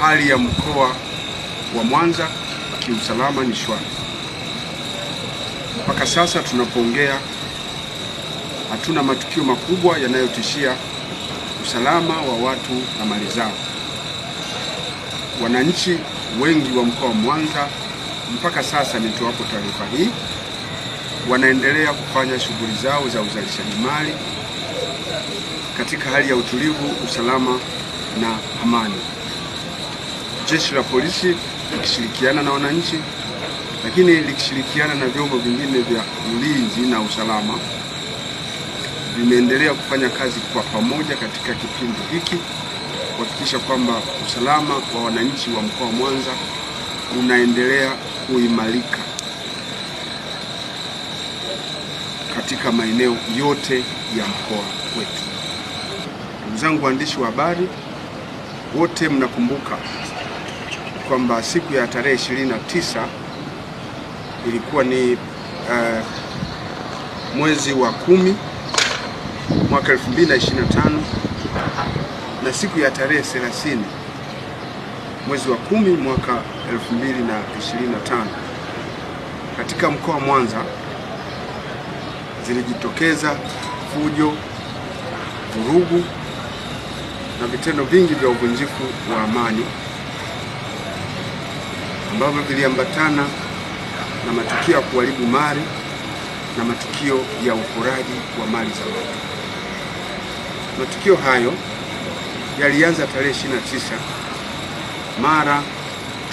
hali ya mkoa wa Mwanza kiusalama ni shwari. Mpaka sasa tunapoongea, hatuna matukio makubwa yanayotishia usalama wa watu na mali zao. Wananchi wengi wa mkoa wa Mwanza mpaka sasa nitoapo taarifa hii wanaendelea kufanya shughuli zao za uzalishaji mali katika hali ya utulivu, usalama na amani jeshi la polisi likishirikiana na wananchi, lakini likishirikiana na vyombo vingine vya ulinzi na usalama vimeendelea kufanya kazi kwa pamoja katika kipindi hiki kuhakikisha kwamba usalama kwa wananchi wa mkoa wa Mwanza unaendelea kuimarika katika maeneo yote ya mkoa wetu. Ndugu zangu waandishi wa habari wote, mnakumbuka kwamba siku ya tarehe 29 ilikuwa ni uh, mwezi wa kumi mwaka 2025 na siku ya tarehe 30 mwezi wa kumi mwaka 2025 katika mkoa wa Mwanza zilijitokeza fujo, vurugu na vitendo vingi vya uvunjifu wa amani ambavyo viliambatana na matukio ya kuharibu mali na matukio ya uporaji wa mali za watu. Matukio hayo yalianza tarehe 29 mara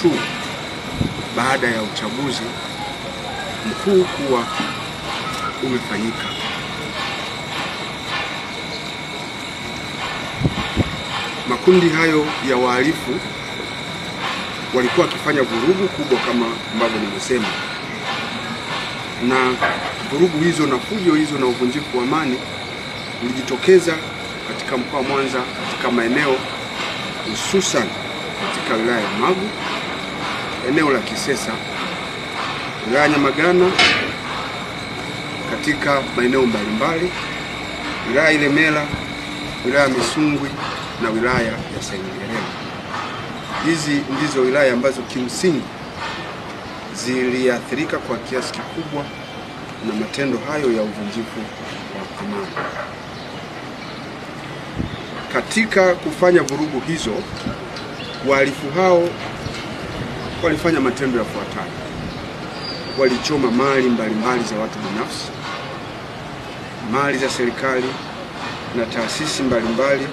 tu baada ya uchaguzi mkuu kuwa umefanyika. Makundi hayo ya wahalifu walikuwa wakifanya vurugu kubwa kama ambavyo nimesema, na vurugu hizo na fujo hizo na uvunjifu wa amani ulijitokeza katika mkoa wa Mwanza katika maeneo hususan katika wilaya ya Magu, eneo la Kisesa, wilaya ya Nyamagana, katika maeneo mbalimbali, wilaya Ilemela, wilaya ya Misungwi na wilaya ya Sengerema. Hizi ndizo wilaya ambazo kimsingi ziliathirika kwa kiasi kikubwa na matendo hayo ya uvunjifu wa amani. Katika kufanya vurugu hizo, wahalifu hao walifanya matendo yafuatayo: walichoma mali mbalimbali za watu binafsi, mali za serikali na taasisi mbalimbali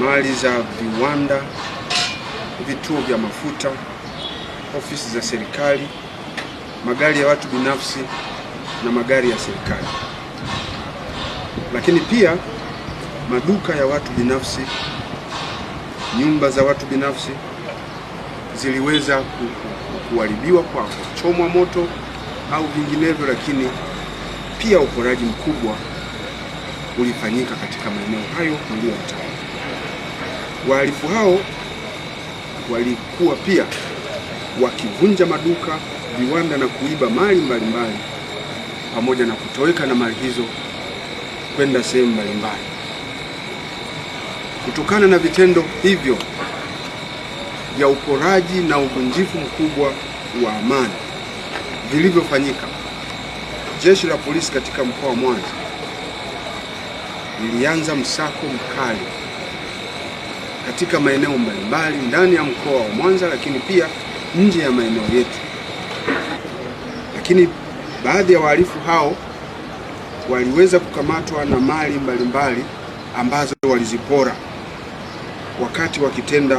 mali za viwanda, vituo vya mafuta, ofisi za serikali, magari ya watu binafsi na magari ya serikali, lakini pia maduka ya watu binafsi, nyumba za watu binafsi ziliweza kuharibiwa kwa kuchomwa moto au vinginevyo, lakini pia uporaji mkubwa ulifanyika katika maeneo hayo niliyoyataja. Wahalifu hao walikuwa pia wakivunja maduka, viwanda na kuiba mali mbalimbali, pamoja na kutoweka na mali hizo kwenda sehemu mbalimbali. Kutokana na vitendo hivyo vya uporaji na uvunjifu mkubwa wa amani vilivyofanyika, jeshi la polisi katika mkoa wa Mwanza lilianza msako mkali katika maeneo mbalimbali ndani ya mkoa wa Mwanza, lakini pia nje ya maeneo yetu. Lakini baadhi ya wahalifu hao waliweza kukamatwa na mali mbalimbali ambazo walizipora wakati wakitenda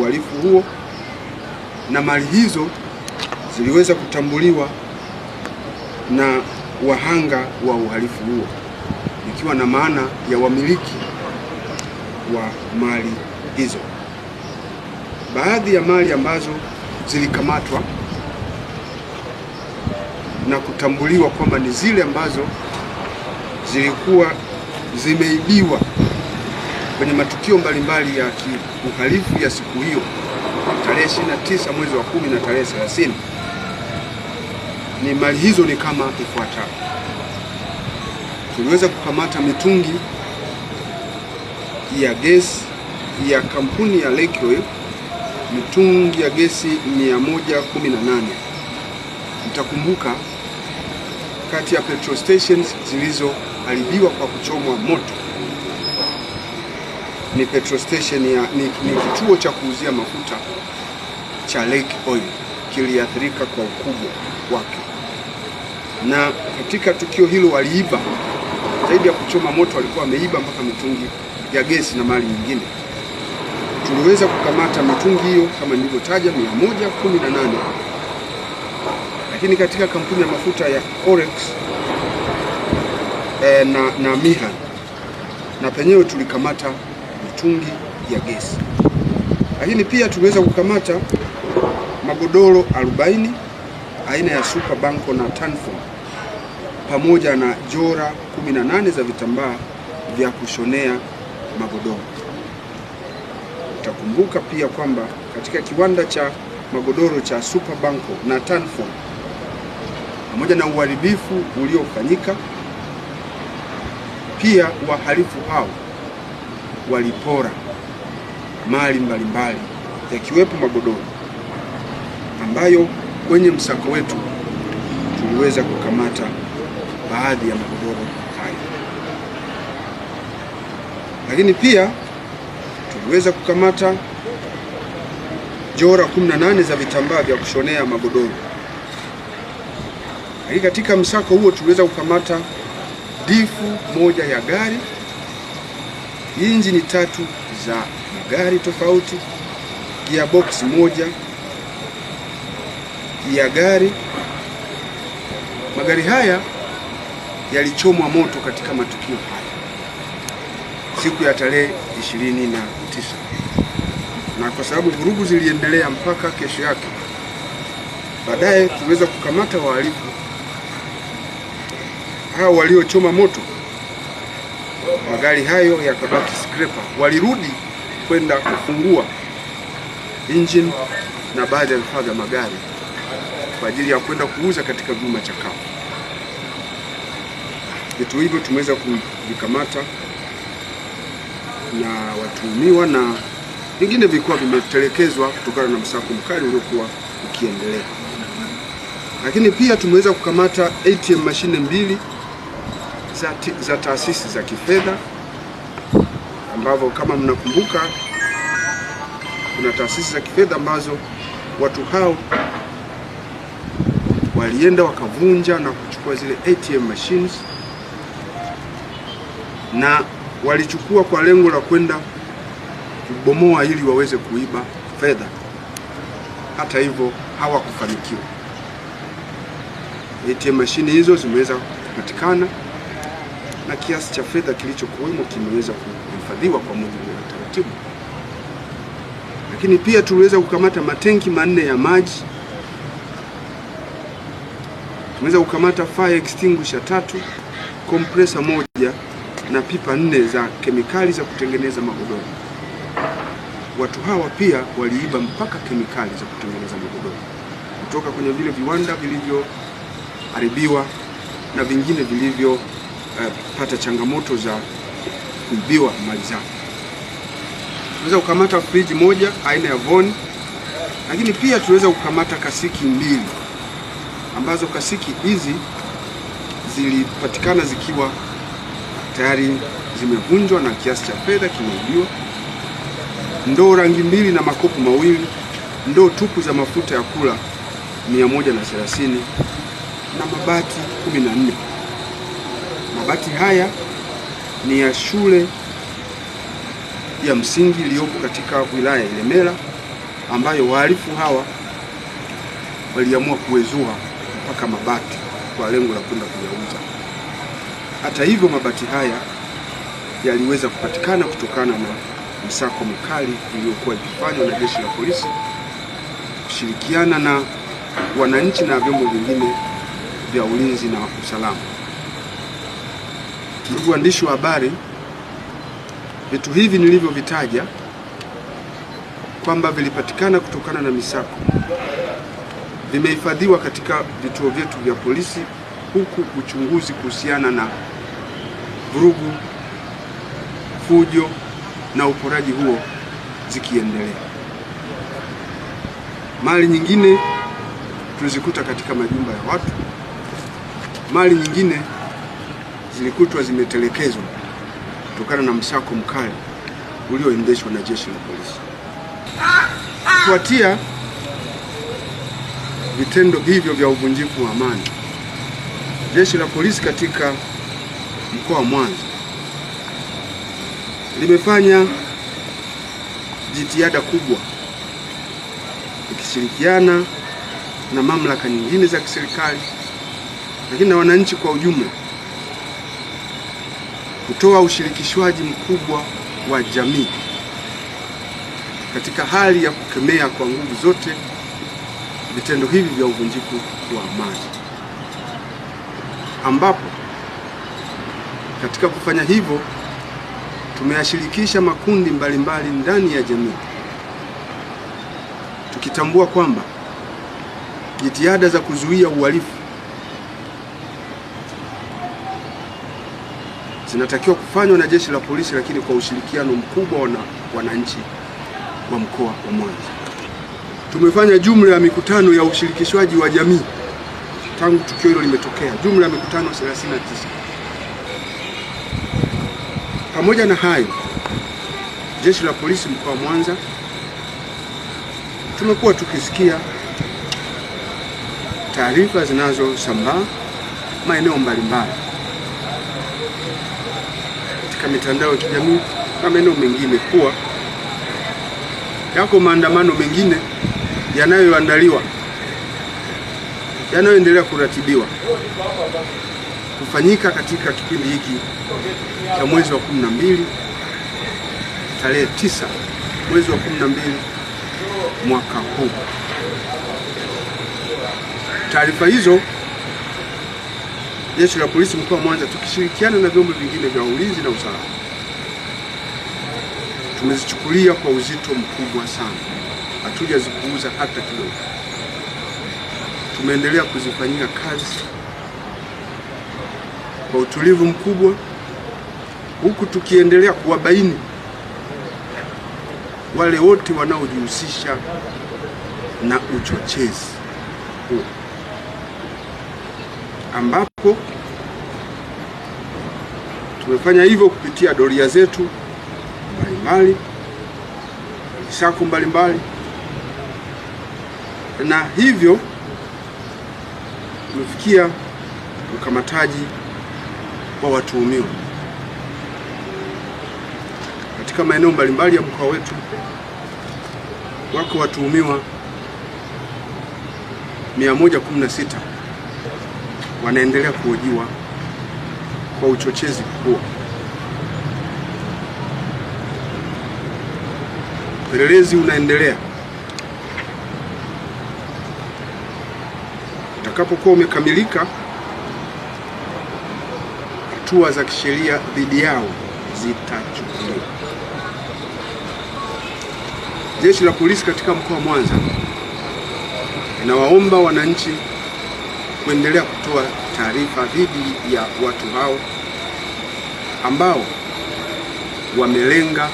uhalifu huo, na mali hizo ziliweza kutambuliwa na wahanga wa uhalifu huo, ikiwa na maana ya wamiliki wa mali hizo. Baadhi ya mali ambazo zilikamatwa na kutambuliwa kwamba ni zile ambazo zilikuwa zimeibiwa kwenye matukio mbalimbali ya kiuhalifu ya siku hiyo tarehe 29 mwezi wa kumi na tarehe 30, ni mali hizo ni kama ifuatavyo: tuliweza kukamata mitungi ya gesi ya kampuni ya Lake Oil mitungi ya gesi 118. Mtakumbuka kati ya petrol stations zilizoharibiwa kwa kuchomwa moto ni petrol station ya, ni, ni kituo cha kuuzia mafuta cha Lake Oil kiliathirika kwa ukubwa wake, na katika tukio hilo waliiba zaidi ya kuchoma moto, walikuwa wameiba mpaka mitungi ya gesi na mali nyingine tuliweza kukamata mitungi hiyo kama nilivyotaja 118 lakini katika kampuni ya mafuta ya orex e, eh, na, na Miha na penyewe tulikamata mitungi ya gesi, lakini pia tuliweza kukamata magodoro 40 aina ya Super Banco na Tanform pamoja na jora 18 za vitambaa vya kushonea magodoro. Utakumbuka pia kwamba katika kiwanda cha magodoro cha Superbanco na Tanfor, pamoja na uharibifu uliofanyika, pia wahalifu hao walipora mali mbalimbali yakiwepo magodoro ambayo kwenye msako wetu tuliweza kukamata baadhi ya magodoro hayo, lakini pia waliweza kukamata jora 18 za vitambaa vya kushonea magodoro. Lakini katika msako huo tuliweza kukamata difu moja ya gari, injini tatu za gari tofauti, gearbox moja ya gari. Magari haya yalichomwa moto katika matukio siku ya tarehe ishirini na tisa na kwa sababu vurugu ziliendelea mpaka kesho yake, baadaye tuliweza kukamata wahalifu hao waliochoma moto magari hayo ya skrepa. Walirudi kwenda kufungua engine na baadhi ya vifaa vya magari kwa ajili ya kwenda kuuza katika vyuma chakavu. Vitu hivyo tumeweza kuvikamata na watuhumiwa na vingine vilikuwa vimetelekezwa kutokana na msako mkali uliokuwa ukiendelea. Lakini pia tumeweza kukamata ATM mashine mbili za, za taasisi za kifedha ambavyo kama mnakumbuka kuna taasisi za kifedha ambazo watu hao walienda wakavunja na kuchukua zile ATM machines na walichukua kwa lengo la kwenda kubomoa ili waweze kuiba fedha. Hata hivyo hawakufanikiwa. ATM mashine hizo zimeweza kupatikana na kiasi cha fedha kilichokuwemo kimeweza kuhifadhiwa kwa mujibu wa taratibu. Lakini pia tuliweza kukamata matenki manne ya maji, tumeweza kukamata fire extinguisher tatu, kompresa moja na pipa nne za kemikali za kutengeneza magodoro. Watu hawa pia waliiba mpaka kemikali za kutengeneza magodoro kutoka kwenye vile viwanda vilivyoharibiwa na vingine vilivyopata eh, changamoto za kuibiwa mali zao. Tunaweza kukamata friji moja aina ya Von, lakini pia tunaweza kukamata kasiki mbili ambazo kasiki hizi zilipatikana zikiwa tayari zimevunjwa na kiasi cha fedha kimeibiwa. Ndoo rangi mbili na makopo mawili, ndoo tupu za mafuta ya kula 130 na mabati 14. Mabati haya ni ya shule ya msingi iliyopo katika wilaya ya Ilemela ambayo wahalifu hawa waliamua kuwezua mpaka mabati kwa lengo la kwenda kuyauza. Hata hivyo, mabati haya yaliweza kupatikana kutokana na msako mkali uliokuwa ikifanywa na jeshi la polisi kushirikiana na wananchi na vyombo vingine vya ulinzi na usalama. Ndugu waandishi wa habari, vitu hivi nilivyovitaja kwamba vilipatikana kutokana na misako vimehifadhiwa katika vituo vyetu vya polisi, huku uchunguzi kuhusiana na vurugu, fujo na uporaji huo zikiendelea. Mali nyingine tulizikuta katika majumba ya watu, mali nyingine zilikutwa zimetelekezwa kutokana na msako mkali ulioendeshwa na jeshi la polisi. Kufuatia vitendo hivyo vya uvunjifu wa amani, jeshi la polisi katika mkoa wa Mwanza limefanya jitihada kubwa ikishirikiana na mamlaka nyingine za kiserikali, lakini na wananchi kwa ujumla kutoa ushirikishwaji mkubwa wa jamii katika hali ya kukemea kwa nguvu zote vitendo hivi vya uvunjifu wa amani ambapo katika kufanya hivyo, tumeyashirikisha makundi mbalimbali ndani ya jamii, tukitambua kwamba jitihada za kuzuia uhalifu zinatakiwa kufanywa na Jeshi la Polisi, lakini kwa ushirikiano mkubwa na wananchi wa mkoa wa Mwanza. Tumefanya jumla ya mikutano ya ushirikishwaji wa jamii tangu tukio hilo limetokea, jumla ya mikutano 39. Pamoja na hayo, jeshi la polisi mkoa wa Mwanza tumekuwa tukisikia taarifa zinazosambaa maeneo mbalimbali katika mitandao ya kijamii na maeneo mengine kuwa yako maandamano mengine yanayoandaliwa yanayoendelea kuratibiwa kufanyika katika kipindi hiki cha mwezi wa kumi na mbili tarehe tisa mwezi wa kumi na mbili mwaka huu. Taarifa hizo Jeshi la Polisi mkoa wa Mwanza tukishirikiana na vyombo vingine vya ulinzi na usalama tumezichukulia kwa uzito mkubwa sana, hatujazipuuza hata kidogo. Tumeendelea kuzifanyia kazi kwa utulivu mkubwa, huku tukiendelea kuwabaini wale wote wanaojihusisha na uchochezi huu ambapo tumefanya hivyo kupitia doria zetu mbalimbali, misako mbalimbali, na hivyo tumefikia ukamataji wa watuhumiwa katika maeneo mbalimbali ya mkoa wetu. Wako watuhumiwa 116 wanaendelea kuhojiwa kwa uchochezi mkubwa. Upelelezi unaendelea. Utakapokuwa umekamilika hatua za kisheria dhidi yao zitachukuliwa. Jeshi la polisi katika mkoa wa Mwanza linawaomba wananchi kuendelea kutoa taarifa dhidi ya watu hao ambao wamelenga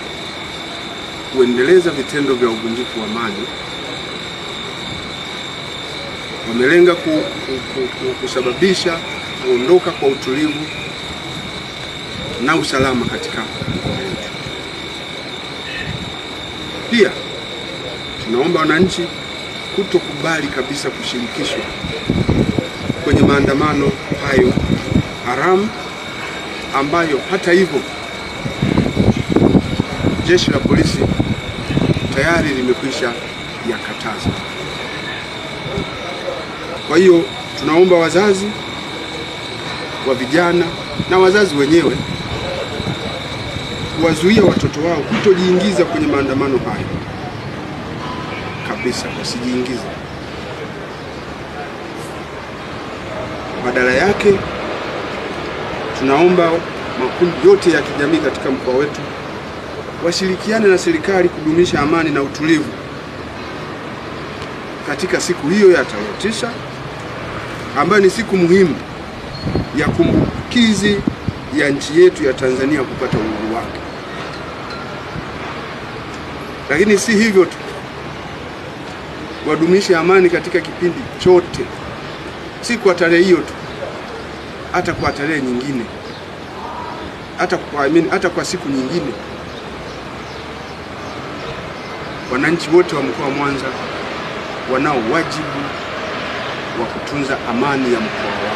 kuendeleza vitendo vya uvunjifu wa amani, wamelenga ku, ku, ku, kusababisha kuondoka kwa utulivu na usalama katika mkoa wetu. Pia tunaomba wananchi kutokubali kabisa kushirikishwa kwenye maandamano hayo haramu ambayo hata hivyo jeshi la polisi tayari limekwisha yakataza. Kwa hiyo tunaomba wazazi wa vijana na wazazi wenyewe kuwazuia watoto wao kutojiingiza kwenye maandamano hayo kabisa, wasijiingiza. Badala yake tunaomba makundi yote ya kijamii katika mkoa wetu washirikiane na serikali kudumisha amani na utulivu katika siku hiyo ya tarehe tisa ambayo ni siku muhimu ya kumbukizi ya nchi yetu ya Tanzania kupata uhuru wake. Lakini si hivyo tu, wadumishe amani katika kipindi chote, si kwa tarehe hiyo tu, hata kwa tarehe nyingine, hata kwa, amini, hata kwa siku nyingine. Wananchi wote wa mkoa wa Mwanza wanao wajibu wa kutunza amani ya mkoa